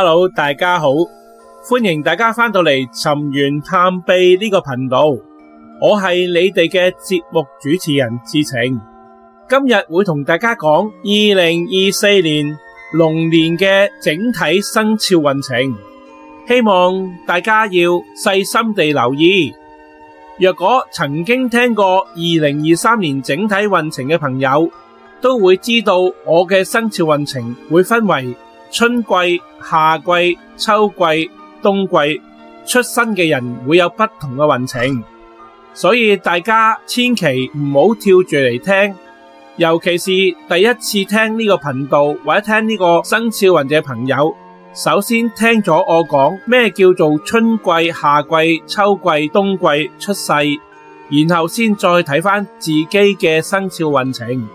Hello，大家好，歡迎大家翻到嚟尋源探秘呢個頻道，我係你哋嘅節目主持人智澄，今日會同大家講二零二四年龍年嘅整體生肖運程，希望大家要細心地留意。若果曾經聽過二零二三年整體運程嘅朋友，都會知道我嘅生肖運程會分為，春季、夏季、秋季、冬季出生嘅人會有不同嘅運程，所以大家千祈唔好跳住嚟聽，尤其是第一次聽呢個頻道或者聽呢個生肖運嘅朋友，首先聽咗我講咩叫做春季、夏季、秋季、冬季出世，然後先再睇翻自己嘅生肖運程。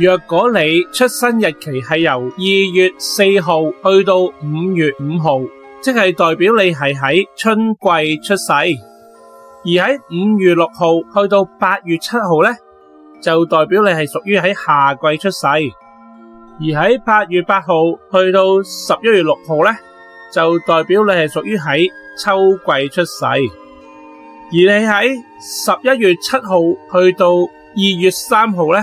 若果你出生日期係由二月四號去到五月五號，即係代表你係喺春季出世；而喺五月六號去到八月七號咧，就代表你係屬於喺夏季出世；而喺八月八號去到十一月六號咧，就代表你係屬於喺秋季出世；而你喺十一月七號去到二月三號咧，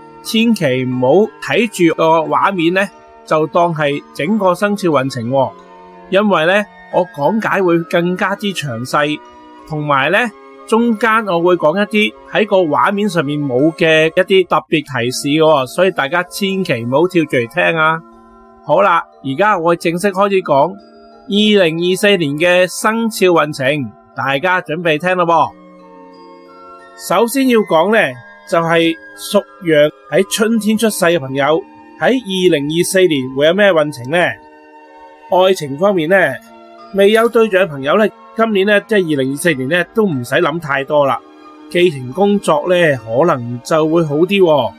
千祈唔好睇住個畫面咧，就當係整個生肖運程，因為咧我講解會更加之詳細，同埋咧中間我會講一啲喺個畫面上面冇嘅一啲特別提示嘅，所以大家千祈唔好跳住嚟聽啊！好啦，而家我正式開始講2024年嘅生肖運程，大家準備聽咯噃。首先要講咧就係屬羊。喺春天出世嘅朋友喺二零二四年會有咩運程呢？愛情方面呢，未有對象嘅朋友呢，今年呢，即係二零二四年呢，都唔使諗太多啦。寄情工作呢，可能就會好啲喎，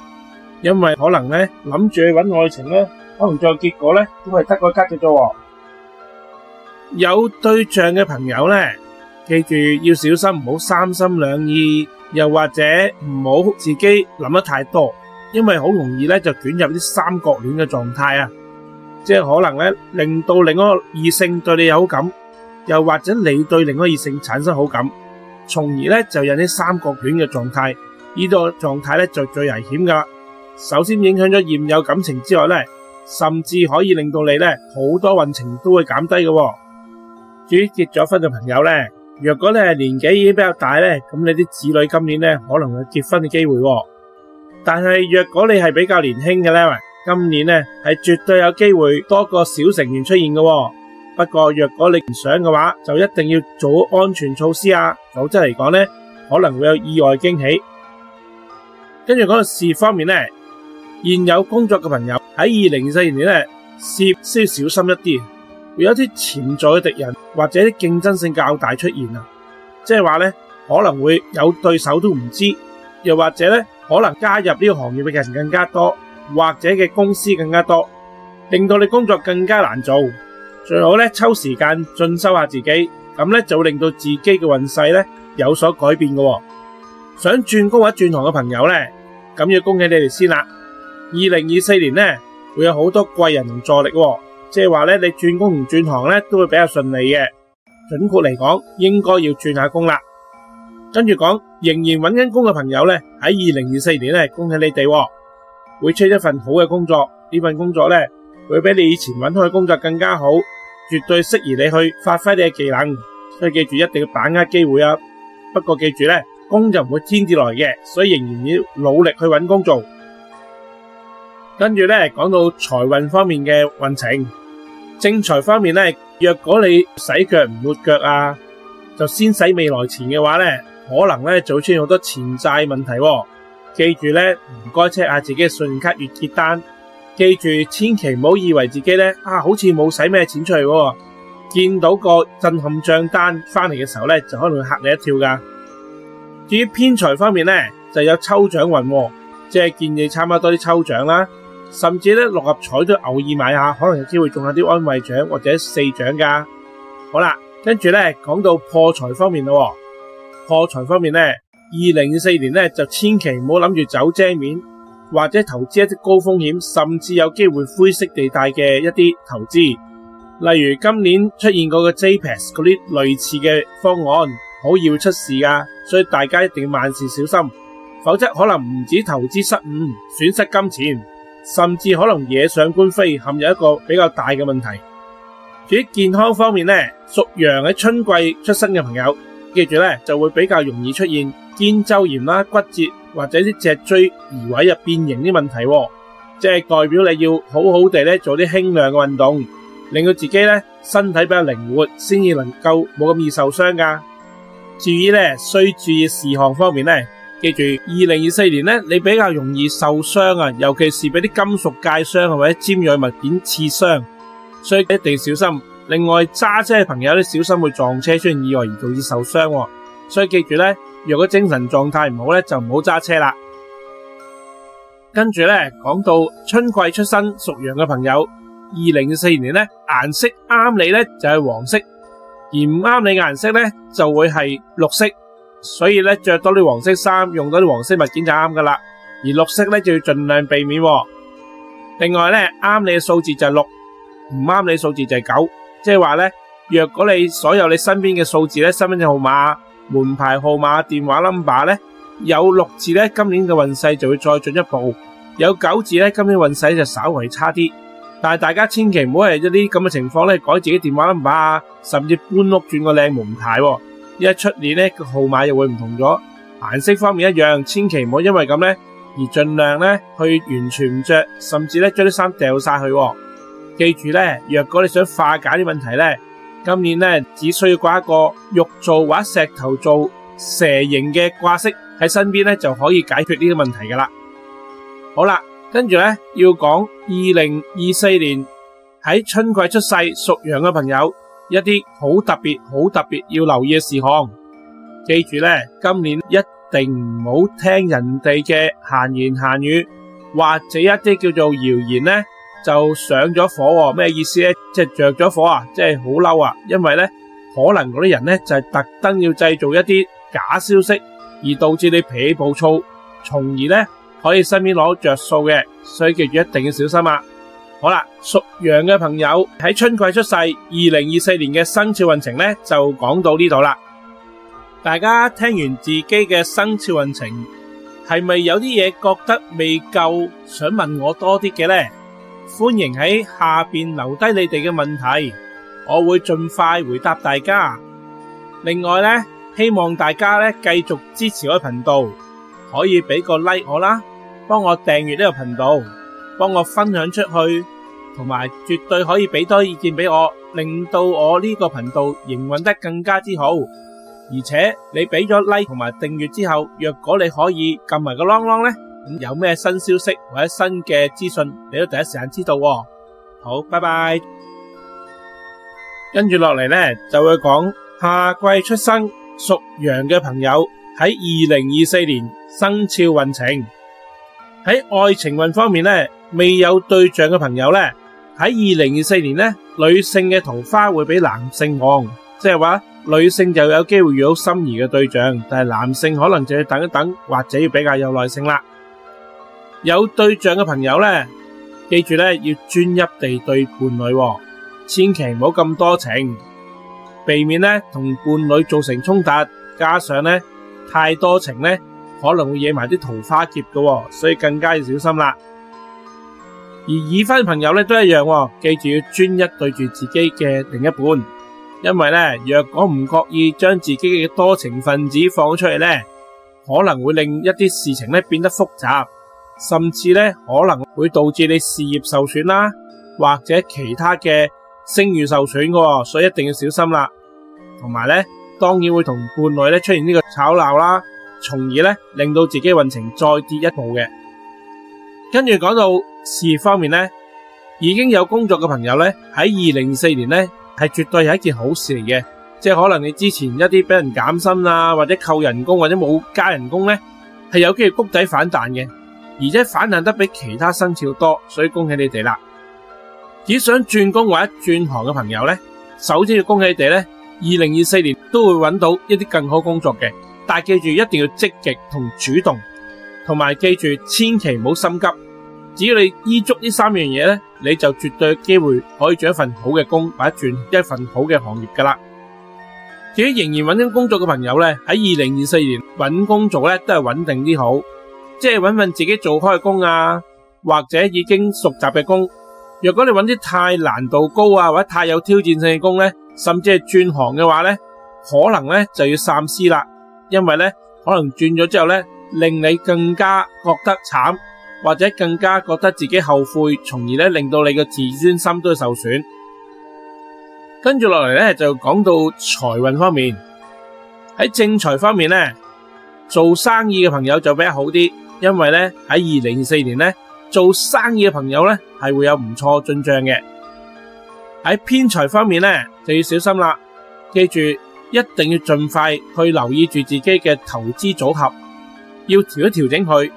因為可能呢諗住去揾愛情呢，可能最後結果呢都係得個吉嘅啫。有對象嘅朋友呢，記住要小心，唔好三心兩意，又或者唔好自己諗得太多。因為好容易咧就捲入啲三角戀嘅狀態啊，即係可能咧令到另一異性對你有好感，又或者你對另一異性產生好感，從而咧就引起三角戀嘅狀態。呢個狀態咧就最危險噶，首先影響咗現有感情之外咧，甚至可以令到你咧好多運程都會減低嘅。至於結咗婚嘅朋友咧，若果咧年紀已經比較大咧，咁你啲子女今年咧可能有結婚嘅機會。但係，若果你係比較年輕嘅咧喂今年咧係絕對有機會多個小成員出現嘅，不過，若果你唔想嘅話，就一定要做好安全措施啊！否則嚟講咧，可能會有意外驚喜。跟住講到事業方面咧，現有工作嘅朋友喺二零二四年年咧，事業需要小心一啲，會有啲潛在嘅敵人或者啲競爭性較大出現啊！即係話咧，可能會有對手都唔知，又或者咧。可能加入呢個行業嘅人更加多，或者嘅公司更加多，令到你工作更加難做。最好咧抽時間進修下自己，咁咧就令到自己嘅運勢咧有所改變嘅。想轉工或者轉行嘅朋友咧，咁要恭喜你哋先啦。二零二四年咧會有好多貴人同助力，即係話咧你轉工同轉行咧都會比較順利嘅。準確嚟講，應該要轉下工啦。跟住講，仍然揾緊工嘅朋友呢，喺二零二四年呢，恭喜你哋會出一份好嘅工作。呢份工作呢，會比你以前揾開嘅工作更加好，絕對適宜你去發揮你嘅技能。所以記住一定要把握機會啊！不過記住呢，工就唔會天字來嘅，所以仍然要努力去揾工做。跟住呢，講到財運方面嘅運程，正財方面呢，若果你洗腳唔抹腳啊，就先洗未來錢嘅話呢。可能咧造成好多錢債問題、哦，記住咧唔該 check 下自己嘅信用卡月結單，記住千祈唔好以為自己咧啊好似冇使咩錢出去，見到個震撼賬單翻嚟嘅時候咧就可能會吓你一跳噶。至於偏財方面咧，就有抽獎運、哦，即係建議參加多啲抽獎啦，甚至咧六合彩都偶爾買下，可能有機會中下啲安慰獎或者四獎噶。好啦，跟住咧講到破財方面咯。破財方面咧，二零二四年咧就千祈唔好諗住走遮面，或者投資一啲高風險，甚至有機會灰色地帶嘅一啲投資，例如今年出現過嘅 JPEX 嗰啲類似嘅方案，好易會出事噶，所以大家一定要萬事小心，否則可能唔止投資失誤，損失金錢，甚至可能惹上官非，陷入一個比較大嘅問題。至於健康方面咧，屬羊喺春季出生嘅朋友。記住咧，就會比較容易出現肩周炎啦、骨折或者啲脊椎移位入變形啲問題，即係代表你要好好地咧做啲輕量嘅運動，令到自己咧身體比較靈活，先至能夠冇咁易受傷噶。至於咧需注意事項方面咧，記住二零二四年咧你比較容易受傷啊，尤其是俾啲金屬界傷或者尖銳物件刺傷，所以一定要小心。另外揸車嘅朋友都小心會撞車，出現意外而導致受傷。所以記住咧，若果精神狀態唔好咧，就唔好揸車啦。跟住咧，講到春季出生屬羊嘅朋友，二零二四年咧顏色啱你咧就係黃色，而唔啱你顏色咧就會係綠色。所以咧着多啲黃色衫，用多啲黃色物件就啱噶啦。而綠色咧就要盡量避免。另外咧啱你嘅數字就係六，唔啱你數字就係九。即係話咧，若果你所有你身邊嘅數字咧，身份證號碼、門牌號碼、電話 number 咧，有六字咧，今年嘅運勢就會再進一步；有九字咧，今年運勢就稍為差啲。但係大家千祈唔好係一啲咁嘅情況咧，改自己電話 number 啊，甚至搬屋轉個靚門牌，呢一出年咧個號碼又會唔同咗。顏色方面一樣，千祈唔好因為咁咧而盡量咧去完全唔着，甚至咧將啲衫掉晒去。記住咧，若果你想化解啲問題咧，今年咧只需要掛一個玉造或者石頭造蛇形嘅掛飾喺身邊咧，就可以解決呢啲問題㗎喇。好啦，跟住咧要講二零二四年喺春季出世屬羊嘅朋友，一啲好特別、好特別要留意嘅事項。記住咧，今年一定唔好聽人哋嘅閒言閒語或者一啲叫做謠言咧。.就上咗火喎、啊，咩意思呢？即係着咗火啊，即係好嬲啊！因為呢，可能嗰啲人呢，就係特登要製造一啲假消息，而導致你脾氣暴躁，從而呢，可以身邊攞着數嘅，所以記住一定要小心啊！好啦，屬羊嘅朋友喺春季出世，二零二四年嘅生肖運程呢，就講到呢度啦。大家聽完自己嘅生肖運程，係咪有啲嘢覺得未夠，想問我多啲嘅呢？歡迎喺下邊留低你哋嘅問題，我會盡快回答大家。另外呢，希望大家呢繼續支持我嘅頻道，可以俾個 like 我啦，幫我訂閱呢個頻道，幫我分享出去，同埋絕對可以俾多意見俾我，令到我呢個頻道營運得更加之好。而且你俾咗 like 同埋訂閱之後，若果你可以撳埋個啷啷呢。咁有咩新消息或者新嘅資訊，你都第一時間知道哦。好，拜拜。跟住落嚟咧，就會講夏季出生屬羊嘅朋友喺二零二四年生肖運程。喺愛情運方面呢，未有對象嘅朋友呢，喺二零二四年呢，女性嘅桃花會比男性旺，即係話女性就有機會遇到心儀嘅對象，但係男性可能就要等一等，或者要比較有耐性啦。有對象嘅朋友呢，記住呢要專一地對伴侶喎，千祈唔好咁多情，避免呢同伴侶造成衝突。加上呢太多情呢可能會惹埋啲桃花劫嘅喎，所以更加要小心啦。而已婚嘅朋友呢都一樣喎，記住要專一對住自己嘅另一半，因為呢，若果唔覺意將自己嘅多情分子放出嚟呢，可能會令一啲事情呢變得複雜。甚至咧，可能會導致你事業受損啦，或者其他嘅聲譽受損噶，所以一定要小心啦。同埋咧，當然會同伴侶咧出現呢個吵鬧啦，從而咧令到自己運程再跌一步嘅。跟住講到事業方面咧，已經有工作嘅朋友咧喺二零二四年咧係絕對係一件好事嚟嘅，即係可能你之前一啲俾人減薪呀，或者扣人工，或者冇加人工咧，係有機會谷底反彈嘅。而且反彈得比其他生肖多，所以恭喜你哋啦！只想轉工或者轉行嘅朋友呢，首先要恭喜你哋呢，二零二四年都會搵到一啲更好的工作嘅。但係記住一定要積極同主動，同埋記住千祈唔好心急。只要你依足呢三樣嘢呢，你就絕對有機會可以轉一份好嘅工，或者轉一份好嘅行業㗎啦。至於仍然揾緊工作嘅朋友呢，喺二零二四年揾工作呢都係穩定啲好。即係揾份自己做開工啊，或者已經熟習嘅工。若果你揾啲太難度高啊，或者太有挑戰性嘅工咧，甚至係轉行嘅話咧，可能咧就要三思啦。因為咧可能轉咗之後咧，令你更加覺得慘，或者更加覺得自己後悔，從而咧令到你嘅自尊心都受損。跟住落嚟咧就要講到財運方面。喺正財方面咧，做生意嘅朋友就比較好啲。因為咧喺二零二四年咧做生意嘅朋友咧係會有唔錯進賬嘅。喺偏財方面咧就要小心啦，記住一定要盡快去留意住自己嘅投資組合，要調一調整佢。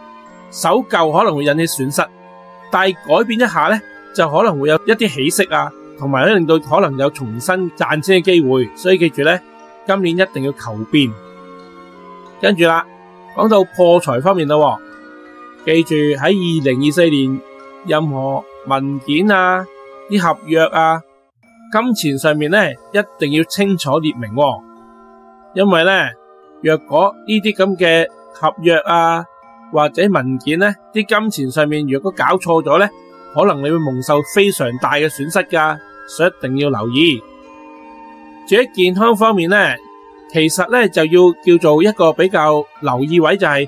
守舊可能會引起損失，但係改變一下咧就可能會有一啲起色啊，同埋咧令到可能有重新賺錢嘅機會。所以記住咧，今年一定要求變。跟住啦，講到破財方面啦。記住喺二零二四年，任何文件啊、啲合約啊、金錢上面咧，一定要清楚列明喎。因為咧，若果呢啲咁嘅合約啊或者文件咧，啲金錢上面若果搞錯咗咧，可能你會蒙受非常大嘅損失噶，所以一定要留意。至於健康方面咧，其實咧就要叫做一個比較留意位就係。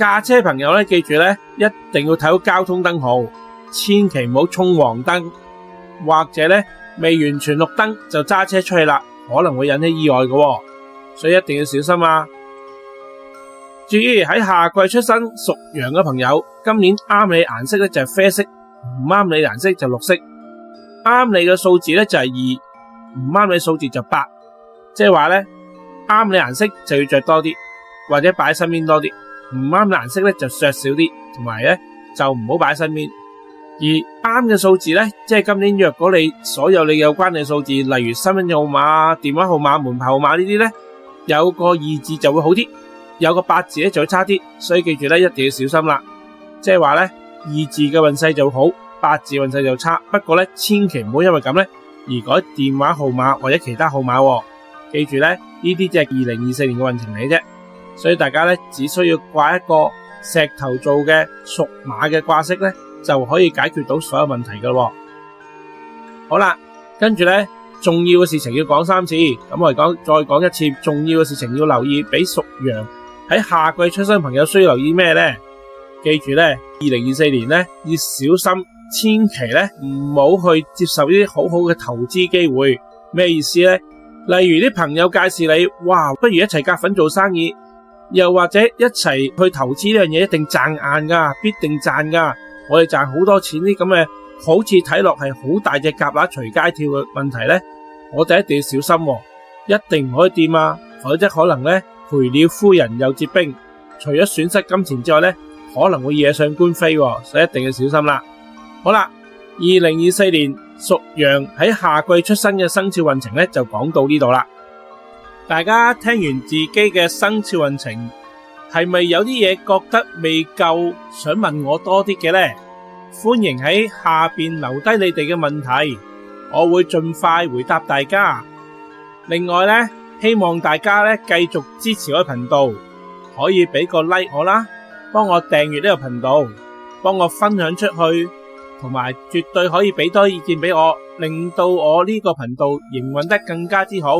駕車朋友咧，記住咧，一定要睇好交通燈號，千祈唔好衝黃燈，或者咧未完全綠燈就揸車出去啦，可能會引起意外嘅喎，所以一定要小心啊。至於喺夏季出生屬羊嘅朋友，今年啱你顏色咧就係啡色，唔啱你顏色就綠色，啱你嘅數字咧就係二，唔啱你數字就八，即係話咧啱你顏色就要着多啲，或者擺身邊多啲。唔啱顏色咧就削少啲，同埋咧就唔好擺喺身邊。而啱嘅數字咧，即係今年若果你所有你有關嘅數字，例如身份證號碼、電話號碼、門牌號碼呢啲咧，有個二字就會好啲，有個八字咧就會差啲。所以記住咧，一定要小心啦，即係話咧，二字嘅運勢就好，八字運勢就差。不過咧，千祈唔好因為咁咧而改電話號碼或者其他號碼喎。記住咧，呢啲只係二零二四年嘅運程嚟啫。所以大家咧，只需要掛一個石頭做嘅屬馬嘅掛飾咧，就可以解決到所有問題㗎。好啦，跟住咧重要嘅事情要講三次，咁我哋講再講一次，重要嘅事情要留意。俾屬羊喺夏季出生朋友需要留意咩咧？記住咧，二零二四年咧要小心，千祈咧唔好去接受呢啲好好嘅投資機會。咩意思咧？例如啲朋友介紹你，哇，不如一齊夾份做生意。又或者一齊去投資呢樣嘢，一定賺硬㗎，必定賺㗎。我哋賺好多錢啲咁嘅，好似睇落係好大隻蛤乸隨街跳嘅問題咧，我哋一定要小心，一定唔可以掂啊！否則可能呢，賠了夫人又折兵，除咗損失金錢之外呢，可能會惹上官非，所以一定要小心啦。好啦，二零二四年屬羊喺夏季出生嘅生肖運程呢，就講到呢度啦。大家聽完自己嘅生肖運程，係咪有啲嘢覺得未夠？想問我多啲嘅呢，歡迎喺下面留低你哋嘅問題，我會盡快回答大家。另外呢，希望大家呢繼續支持我嘅頻道，可以俾個 like 我啦，幫我訂閱呢個頻道，幫我分享出去，同埋絕對可以俾多意見俾我，令到我呢個頻道營運得更加之好。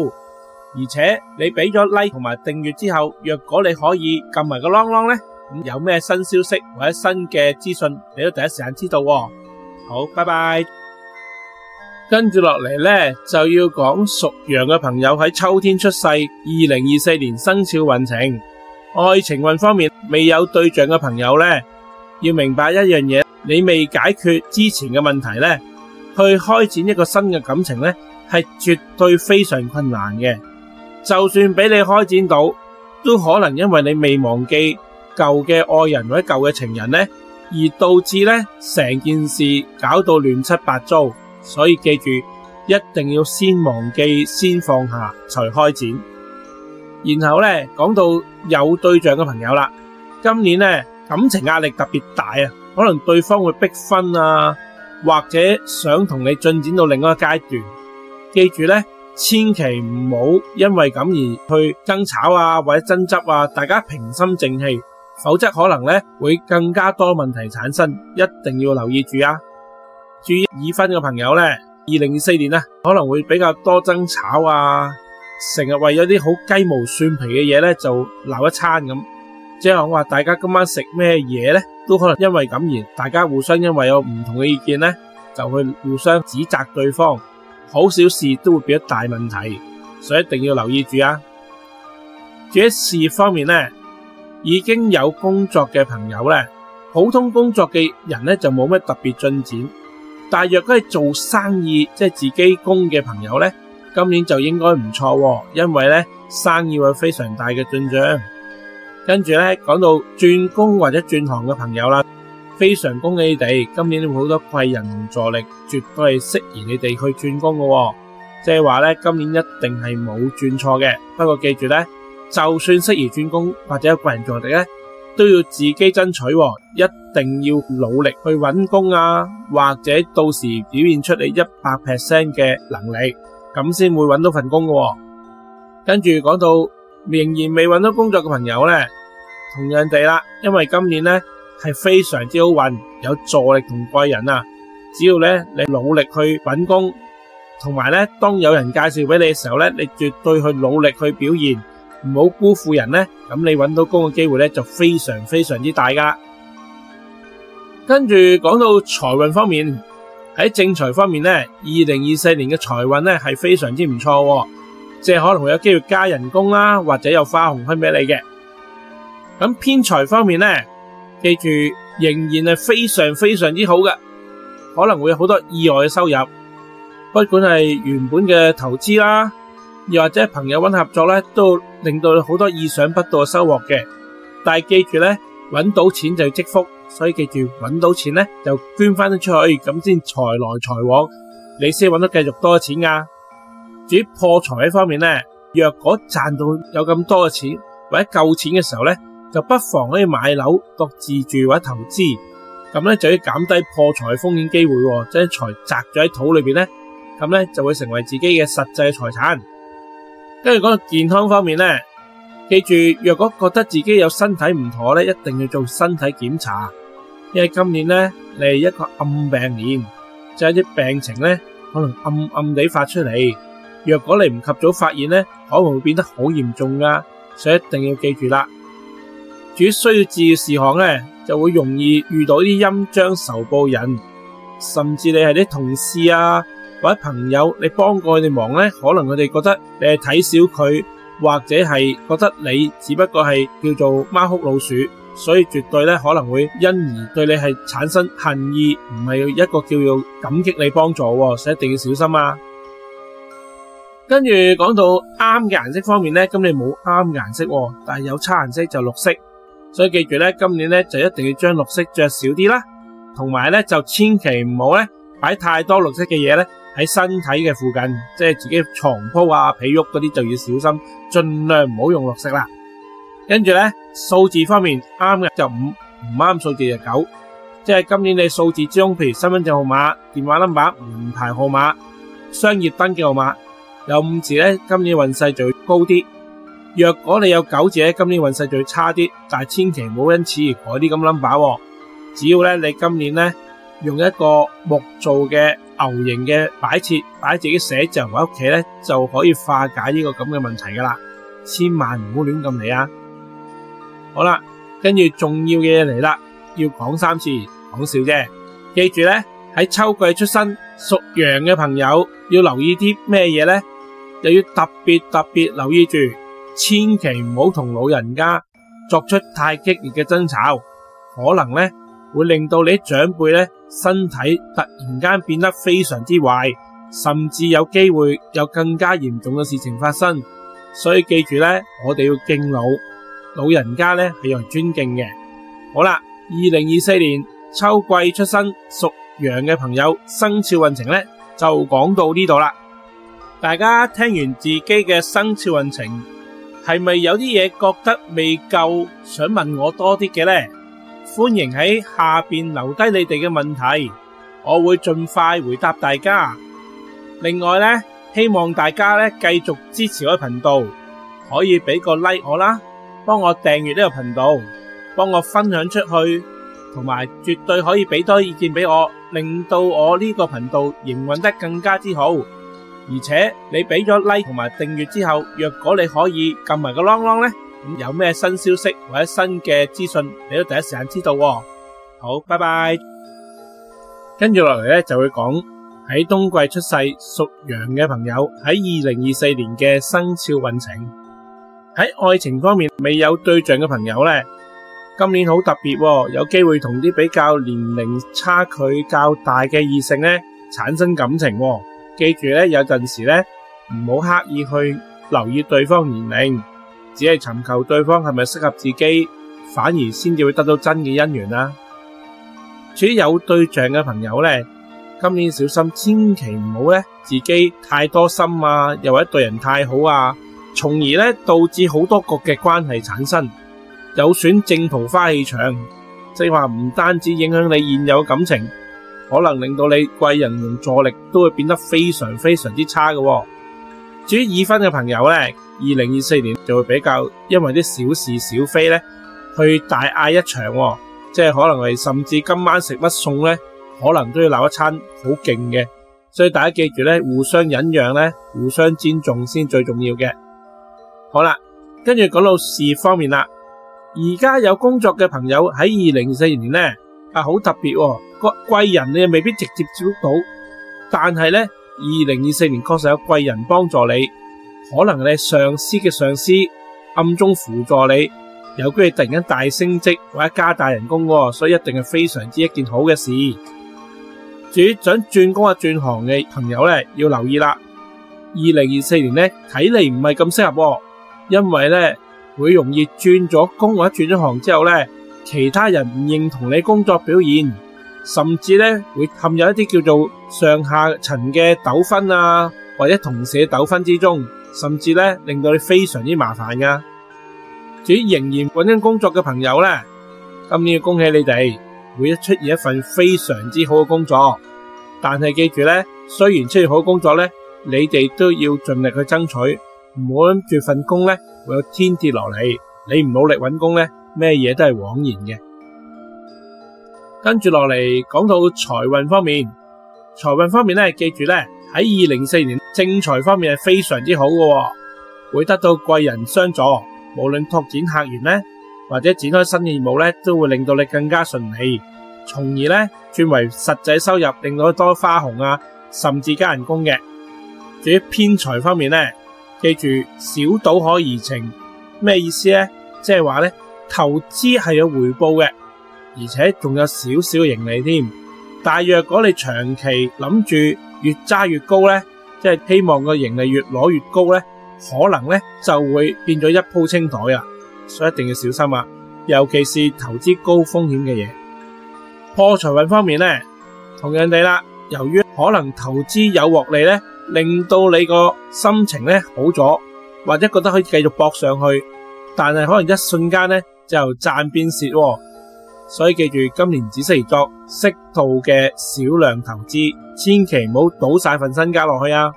而且你俾咗 like 同埋訂閱之後，若果你可以撳埋個 long long 咧，咁有咩新消息或者新嘅資訊，你都第一時間知道，哦。好，拜拜。跟住落嚟咧就要講屬羊嘅朋友喺秋天出世，二零二四年生肖運程，愛情運方面未有對象嘅朋友呢，要明白一樣嘢，你未解決之前嘅問題呢，去開展一個新嘅感情呢，係絕對非常困難嘅。就算俾你開展到，都可能因為你未忘記舊嘅愛人或者舊嘅情人呢，而導致呢成件事搞到亂七八糟。所以記住，一定要先忘記，先放下，才開展。然後呢，講到有對象嘅朋友啦，今年呢感情壓力特別大啊，可能對方會逼婚啊，或者想同你進展到另一個階段。記住呢。千祈唔好因為咁而去爭吵啊，或者爭執啊，大家平心靜氣，否則可能咧會更加多問題產生，一定要留意住啊！注意已婚嘅朋友咧，二零二四年啊，可能會比較多爭吵啊，成日為咗啲好雞毛蒜皮嘅嘢咧就鬧一餐咁，即係我話大家今晚食咩嘢咧，都可能因為咁而大家互相因為有唔同嘅意見咧，就去互相指責對方。好小事都會變咗大問題，所以一定要留意住啊！至於事業方面呢，已經有工作嘅朋友呢，普通工作嘅人呢，就冇乜特別進展。但係若果係做生意即係、就是、自己工嘅朋友呢，今年就應該唔錯，因為呢生意會有非常大嘅進展。跟住呢，講到轉工或者轉行嘅朋友啦。非常恭喜你哋！今年有好多貴人同助力，絕對係適宜你哋去轉工嘅。即係話咧，今年一定係冇轉錯嘅。不過記住咧，就算適宜轉工或者貴人助力咧，都要自己爭取喎，一定要努力去揾工啊，或者到時表現出你一百 percent 嘅能力，咁先會揾到份工嘅。跟住講到仍然未揾到工作嘅朋友咧，同樣地啦，因為今年咧。係非常之好運，有助力同貴人啊！只要咧你努力去揾工，同埋咧當有人介紹俾你嘅時候咧，你絕對去努力去表現，唔好辜負人咧，咁你揾到工嘅機會咧就非常非常之大噶。跟住講到財運方面，喺正財方面咧，二零二四年嘅財運咧係非常之唔錯，即係可能會有機會加人工啦，或者有花紅分俾你嘅。咁偏財方面咧。記住，仍然係非常非常之好嘅，可能會有好多意外嘅收入，不管係原本嘅投資啦，又或者朋友揾合作咧，都令到你好多意想不到嘅收穫嘅。但係記住咧，揾到錢就要積福，所以記住揾到錢咧就捐翻出去，咁先財來財往，你先揾得繼續多錢噶。至於破財呢方面咧，若果賺到有咁多嘅錢或者夠錢嘅時候咧，就不妨可以買樓當自住或者投資，咁咧就要減低破財嘅風險機會，即係財砸咗喺土裏面咧，咁咧就會成為自己嘅實際財產。跟住講到健康方面呢，記住，若果覺得自己有身體唔妥呢，一定要做身體檢查，因為今年呢，你係一個暗病年，即係啲病情呢，可能暗暗地發出嚟。若果你唔及早發現呢，可能會變得好嚴重㗎，所以一定要記住啦。主要需要注意事項咧，就會容易遇到啲恩將仇報人，甚至你係啲同事啊或者朋友，你幫過佢哋忙咧，可能佢哋覺得你係睇小佢，或者係覺得你只不過係叫做貓哭老鼠，所以絕對咧可能會因而對你係產生恨意，唔係一個叫做感激你幫助喎，所以一定要小心啊。跟住講到啱嘅顏色方面咧，咁你冇啱嘅顏色喎，但係有差顏色就綠色。所以記住咧，今年咧就一定要將綠色着少啲啦，同埋咧就千祈唔好咧擺太多綠色嘅嘢咧，喺身體嘅附近，即係自己床鋪啊、被褥嗰啲就要小心，盡量唔好用綠色啦。跟住咧數字方面，啱嘅就五，唔啱數字就九，即係今年你數字之中，譬如身份證號碼、電話 number、門牌號碼、商業登記號碼有五字咧，今年運勢就會高啲。若果你有九字，今年運勢最差啲，但千祈唔好因此改啲咁 number。只要咧你今年咧用一個木做嘅牛形嘅擺設，擺自己寫字樓喺屋企咧，就可以化解呢個咁嘅問題噶啦。千萬唔好亂咁嚟啊！好啦，跟住重要嘅嘢嚟啦，要講三次，講笑啫。記住呢，喺秋季出生屬羊嘅朋友要留意啲咩嘢呢？就要特別特別留意住。千祈唔好同老人家作出太激烈嘅爭吵，可能咧會令到你啲長輩咧身體突然間變得非常之壞，甚至有機會有更加嚴重嘅事情發生。所以記住咧，我哋要敬老，老人家咧係要尊敬嘅。好啦，二零二四年秋季出生屬羊嘅朋友生肖運程咧就講到呢度啦。大家聽完自己嘅生肖運程。係咪有啲嘢覺得未夠，想問我多啲嘅咧？歡迎喺下邊留低你哋嘅問題，我會盡快回答大家。另外咧，希望大家咧繼續支持我嘅頻道，可以俾個 like 我啦，幫我訂閱呢個頻道，幫我分享出去，同埋絕對可以俾多意見俾我，令到我呢個頻道營運得更加之好。而且你俾咗 like 同埋訂閱之後，若果你可以撳埋個 long long 咧，咁有咩新消息或者新嘅資訊，你都第一時間知道喎。好，拜拜。跟住落嚟咧，就會講喺冬季出世屬羊嘅朋友喺二零二四年嘅生肖運程。喺愛情方面，未有對象嘅朋友咧，今年好特別喎，有機會同啲比較年齡差距較大嘅異性咧產生感情喎。記住咧，有陣時咧，唔好刻意去留意對方年齡，只係尋求對方係咪適合自己，反而先至會得到真嘅姻緣啦。處於有對象嘅朋友咧，今年小心，千祈唔好咧自己太多心啊，又或者對人太好啊，從而咧導致好多局嘅關係產生，有損正桃花氣場，即係話唔單止影響你現有嘅感情，可能令到你貴人助力都會變得非常非常之差嘅喎。至於已婚嘅朋友呢，二零二四年就會比較，因為啲小事小非呢，去大嗌一場喎，即係可能係甚至今晚食乜餸咧，可能都要鬧一餐好勁嘅。所以大家記住呢，互相忍讓呢，互相尊重先最重要嘅。好啦，跟住講到事業方面啦，而家有工作嘅朋友喺二零二四年呢。啊，好特別個貴人你又未必直接接觸到，但係咧，二零二四年確實有貴人幫助你，可能你上司嘅上司暗中輔助你，有機會突然間大升職或者加大人工，所以一定係非常之一件好嘅事。至於想轉工啊轉行嘅朋友咧，要留意啦，二零二四年咧睇嚟唔係咁適合，因為咧會容易轉咗工或者轉咗行之後咧。其他人唔認同你工作表現，甚至咧會陷入一啲叫做上下層嘅糾紛啊，或者同事嘅糾紛之中，甚至咧令到你非常之麻煩噶。至於仍然揾緊工作嘅朋友咧，今年要恭喜你哋，會一出現一份非常之好嘅工作。但係記住咧，雖然出現好嘅工作咧，你哋都要盡力去爭取，唔好諗住份工咧會有天跌落嚟，你唔努力揾工咧，咩嘢都係枉然嘅。跟住落嚟講到財運方面，財運方面咧，記住咧，喺二零四年正財方面係非常之好嘅，會得到貴人相助。無論拓展客源呢，或者展開新業務呢，都會令到你更加順利，從而呢轉為實際收入，令到你多花紅啊，甚至加人工嘅。至於偏財方面呢，記住小賭可怡情，咩意思咧？即係話咧。投資係有回報嘅，而且仲有少少盈利添。但若果你長期諗住越揸越高呢，即係希望個盈利越攞越高呢，可能呢就會變咗一鋪清袋啊，所以一定要小心啊！尤其是投資高風險嘅嘢。破財運方面呢，同樣地啦，由於可能投資有獲利呢，令到你個心情呢好咗，或者覺得可以繼續搏上去，但係可能一瞬間呢。就賺變蝕，哦，所以記住今年只適宜作適度嘅少量投資，千祈唔好賭晒份身家落去啊！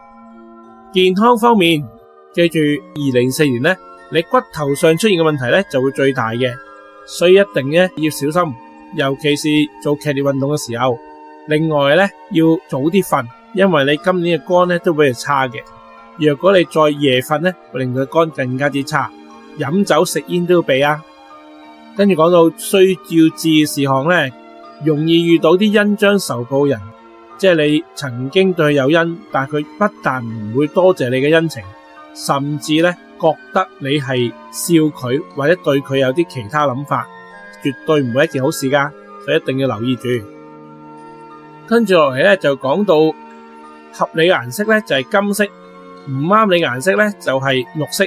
健康方面，記住二零四年咧，你骨頭上出現嘅問題咧就會最大嘅，所以一定咧要小心，尤其是做劇烈運動嘅時候。另外咧要早啲瞓，因為你今年嘅肝咧都比較差嘅。若果你再夜瞓咧，會令佢肝更加之差。飲酒食煙都要避啊！跟住講到需要注意事項咧，容易遇到啲恩將仇報人，即係你曾經對佢有恩，但係佢不但唔會多謝你嘅恩情，甚至咧覺得你係笑佢或者對佢有啲其他諗法，絕對唔會係一件好事噶，所以一定要留意住。跟住落嚟咧就講到合理嘅顏色咧就係金色，唔啱你顏色咧就係綠色。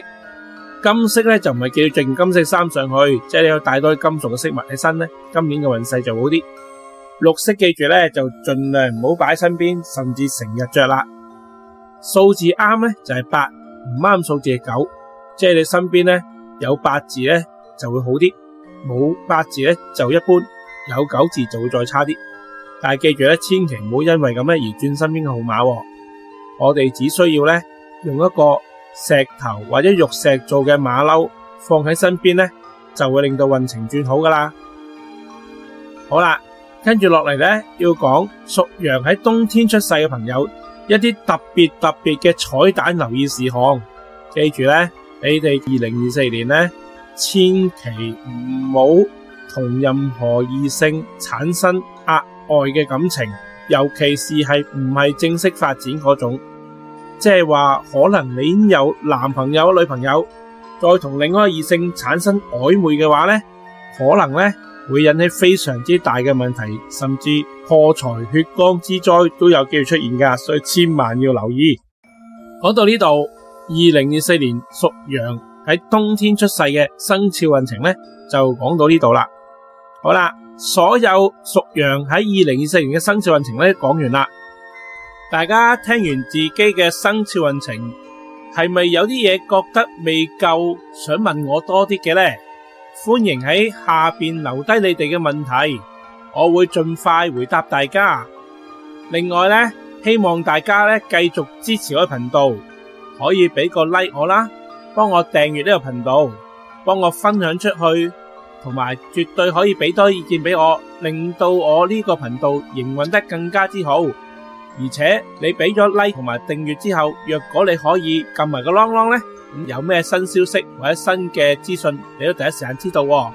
金色咧就唔係叫你着金色衫上去，即係你有帶多啲金屬嘅飾物喺身咧，今年嘅運勢就好啲。綠色記住咧就盡量唔好擺喺身邊，甚至成日着啦。數字啱咧就係八，唔啱數字係九，即係你身邊咧有八字咧就會好啲，冇八字咧就一般，有九字就會再差啲。但係記住咧，千祈唔好因為咁咧而轉身邊嘅號碼。我哋只需要咧用一個。石頭或者玉石做嘅馬騮放喺身邊呢，就會令到運程轉好噶啦。好啦，跟住落嚟呢，要講屬羊喺冬天出世嘅朋友，一啲特別特別嘅彩蛋、留意事項。記住呢，你哋二零二四年呢，千祈唔好同任何異性產生額外嘅感情，尤其是係唔係正式發展嗰種。即係話，可能你有男朋友、女朋友，再同另外一個異性產生曖昧嘅話咧，可能咧會引起非常之大嘅問題，甚至破財血光之災都有機會出現㗎，所以千萬要留意。講到呢度，二零二四年屬羊喺冬天出世嘅生肖運程咧，就講到呢度啦。好啦，所有屬羊喺二零二四年嘅生肖運程咧，講完啦。大家聽完自己嘅生肖運程，係咪有啲嘢覺得未夠？想問我多啲嘅呢，歡迎喺下面留低你哋嘅問題，我會盡快回答大家。另外呢，希望大家呢繼續支持我嘅頻道，可以俾個 like 我啦，幫我訂閱呢個頻道，幫我分享出去，同埋絕對可以俾多啲意見俾我，令到我呢個頻道營運得更加之好。而且你俾咗 like 同埋訂閱之後，若果你可以撳埋個鈴鈴呢，咁有咩新消息或者新嘅資訊，你都第一時間知道喎、哦。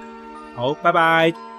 好，拜拜。